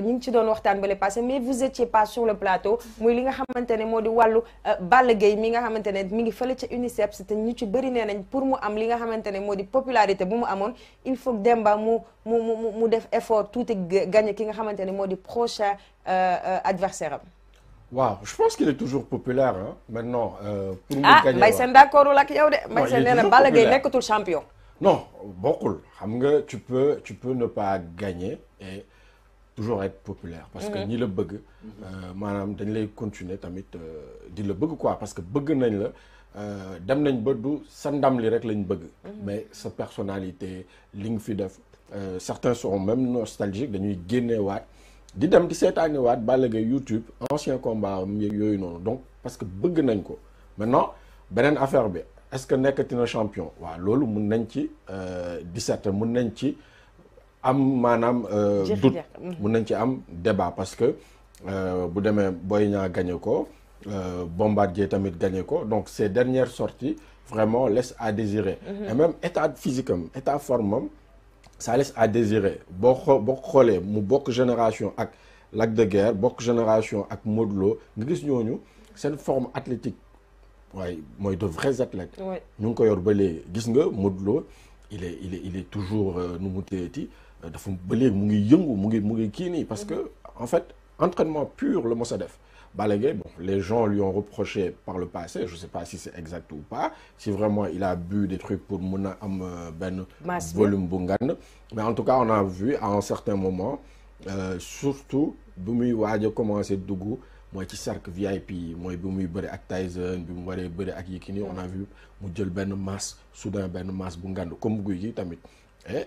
ñu ngi ci doon waxtaan balé passé mais vous étiez pas sur le plateau muy li nga xamante modi walu di wàllu euh, mi nga xamante mi ngi fële ci UNICEF te ñu ci bëri nee nañ pour mu am li nga xamante modi popularité bu mu amone il faut que Demba mu mu mu mu def effort tout gagner, ki nga xamante modi prochain euh, euh, adversaire am waaw je pense qu'il est toujours populaire hein, maintenant. Euh, pour mu ah mais c'est d'accord, ak yow de. mais Sène nee na Balla champion. non beaucoup. xam nga tu peux tu peux ne pas gagner et toujours être populaire parce que ni le bug, manam mhm. euh, dañ lay continuer tamit euh, di le bug quoi parce que bug nañ la euh, dem nañ ba du sa ndam li rek lañ bëgg mhm. mais sa personnalité ling fi def certains seront même nostalgiques dañuy wat di dem di sétani wat Gaye YouTube ancien combat am non donc parce que bug nañ ko maintenant benen affaire bi est-ce que nekkati na champion wa lolu mën nañ ci 17 mën nañ ci am manam euh, doute mun nañ ci am débat parce que euh, bu demee Boy gagné ko euh, Bombardier tamit gagné ko donc ces dernières sorties vraiment laissent à désirer mhm. et même état physique état forme ça laisse à désirer Si on boo mu génération ak Lac de guerre bok génération ak modulo Lo nga gis ñooñu forme athlétique waaye moy de vrais athlètes ñu ko yor ba lé gis nga modulo il est il est il est toujours nous mu il euh, ba léegi mu ngi parce que en fait entraînement pur le Mossadef. a bon les gens lui ont reproché par le passé je ne sais pas si c'est exact ou pas si vraiment il a bu des trucs pour mun am Ben volume bu ngand mais en tout cas on a vu à un certain moment euh, surtout bu muy commencer Dougou, commencé dugg ci cercle VIP yi mooy bi muy bëri ak Tyson bi mu ak on a vu mu jël ben masse soudain ben masse bu ngand comme guy tamit et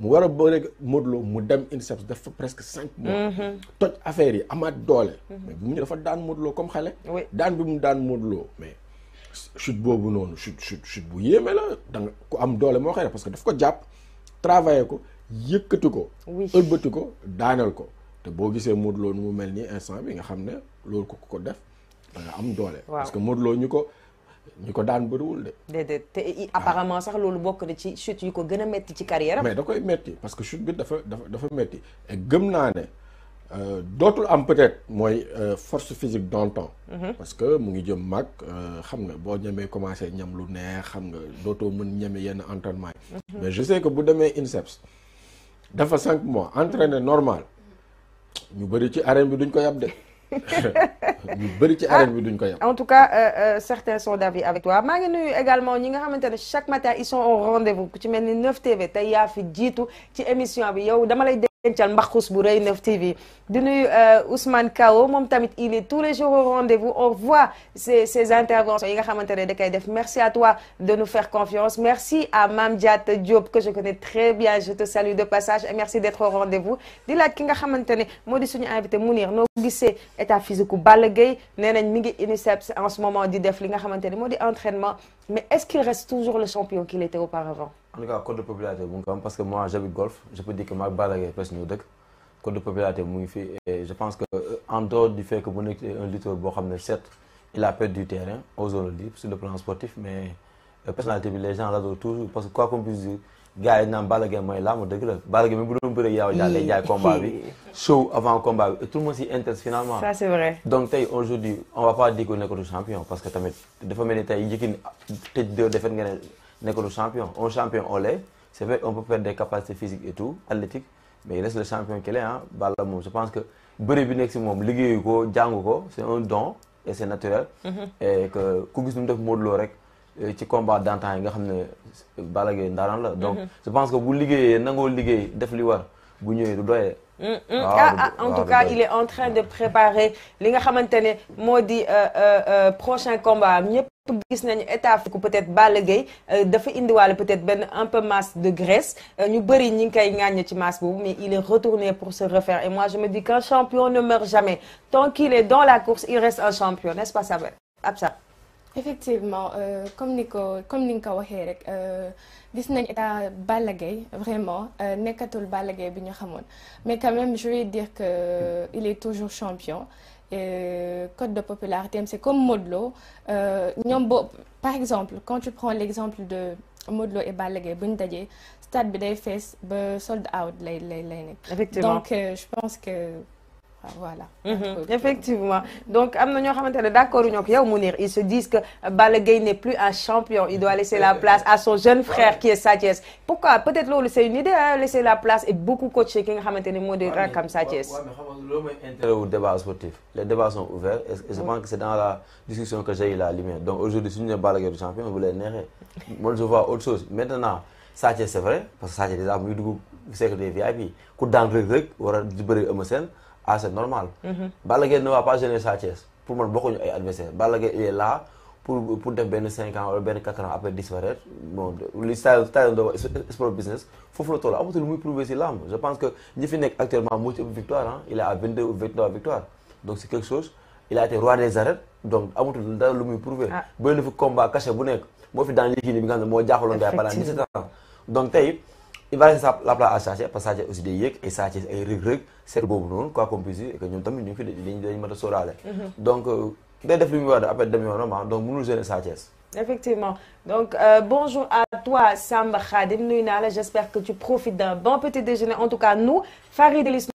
mu war a bëre mu dem INSEPS presque cinq mois. Mhm. toj affaire yi amaat doole. mais dafa daan modlo comme xale. daan bi mu daan mais. chute boobu noonu chute chute chute bu yéeme la da nga am doole moo xëy parce que daf ko jàpp travailler ko yëkkati ko. ëlbati ko daaneel ko. te boo gisee modlo nu mu instant bi nga xam ne ko ko def da nga am parce que modlo ñu ko daan bëriwul de. déedéet te apparemment sax loolu bokk na ci chute yu ko gën a métti ci carrière mais da koy métti parce que chute bi dafa dafa dafa métti et gëm naa ne euh, dootul am peut-être mooy euh, force physique d'antan mhm. parce que mu ngi jëm mag euh, xam nga boo ñemee commencé ñam lu neex xam nga dootoo mën ñeme yenn entraînement yi. Mhm. mais je sais que bu demee INSEPS dafa cinq mois entraîné normal ñu bëri ci arène bi duñ ko yab de. Ah, en tout cas euh, euh, certains sont d'avis avec toi ngi également chaque matin ils sont au rendez-vous tu ci 9 TV tu as fi 10 ci émission bi yow dama dencal mbaxus bu Rewmi TV di nuyu euh, Ousmane Kao mon tamit il est tous les jours au rendez-vous on voit ces ces interventions yi nga def merci à toi de nous faire confiance merci à Mame Diat Diop que je connais très bien je te salue de passage et merci d'être au rendez-vous di là ki nga xamante ne moo di suñu invité Mounir noo gisee état physique bu Balla Gaye nee nañ mi ngi UNICEF en ce moment di def li nga xamante ne entraînement mais est-ce qu'il reste toujours le champion qu'il était auparavant En tout cas, code de popularité, parce que moi le golf, je peux dire que Marc balle est presque code de popularité, et je pense qu'en euh, dehors du fait que vous êtes un lutteur, 7, il a perdu du terrain, aux le sur le plan sportif, mais euh, personnalité, les gens l'adorent toujours, parce que quoi qu'on puisse dire, gars n'ont pas Balla Gaye mooy làmb dëgg la Balla Gaye même bu doon bëre yow daal lay jaay combat bi show avant combat et tout le monde s'y intéresse finalement. ça c'est vrai donc aujourd'hui on va pas dire que le champion parce que tamit dafa mel ni tey que tëj deux défaites nga champion on champion on l'est c'est vrai on peut perdre des capacités physiques et tout athlétiques mais il reste le champion qu'il est hein, je pense que bëre bi nekk si moom liggéeyu ko c'est un don et c'est naturel. Mm-hmm. et que ku gis nu def euh, ci combat d'antan yi nga xam ne euh, ndaran la. Mm-hmm. donc je pense que bu liggéeyee nango liggéey def li war bu ñëwé du doyé mm-hmm. ah, ah, en tout cas il est en train de préparer li nga xamantene modi euh, prochain combat ñepp gis nañu état ku peut-être Balla dafa indi indiwaale peut-être ben un peu masse de graisse ñu bëri ñi ngi koy ŋàññ ci masse bobu mais il est retourné pour se refaire et moi je me dis qu'un champion ne meurt jamais tant qu'il est dans la course il reste un champion n'est-ce pas ça Absa effectivement euh, comme nico comme Nico nga ko euh, dis vraiment euh, nekkatul Balla mais quand même je vais dire que euh, il est toujours champion et code de popularité c'est comme Modlo Euh, par exemple quand tu prends l'exemple de Modlo et Balla Gaye bu stade bi sold out lay lay lay donc je pense que voilà. Mhm. effectivement donc nous sommes d'accord avec ils se disent que Balaguer n'est plus un champion il doit laisser la place à son jeune frère qui est Satiès. pourquoi peut être que c'est une idée de hein, laisser la place et beaucoup coacher qui nga sont comme comme di mais xam intérêt débat sportif les débats sont ouverts et je mm. pense que c'est dans la discussion que j'ai eu la lumière donc aujourd'hui si ne sommes Gaye du champion bu leen nérer. Moi, je vois autre chose maintenant Satiès, c'est vrai parce que Sa il des armes dugg cercle des VIP ku daan rek rek war a des c'est normal. Mhm. balaguer ne va pas gêner Sa pour man beaucoup il est là pour pour def 5 ans ans après disparaître bon style style do business foofu là. toll prouver si l'âme je pense que ni actuellement à victoire hein, il est à 22 ou 23 victoires donc c'est quelque chose il a été roi des arrêts donc il dara prouver. ah combat caché bu fi de donc il va laisser la place à changer parce que Sa Thiès aussi des yek et Sa c'est ay rëg C'est seet boobu quoi qu'on puisse dire et que sommes tamit ñu gens fi nous ont fait a sóoraale mhm. donc euh, day def li muy war de après dem donc nous gêner Sa Thiès effectivement donc euh, bonjour à toi Samba Khadim nuyu j'espère que tu profites d'un bon petit déjeuner en tout cas nous Farid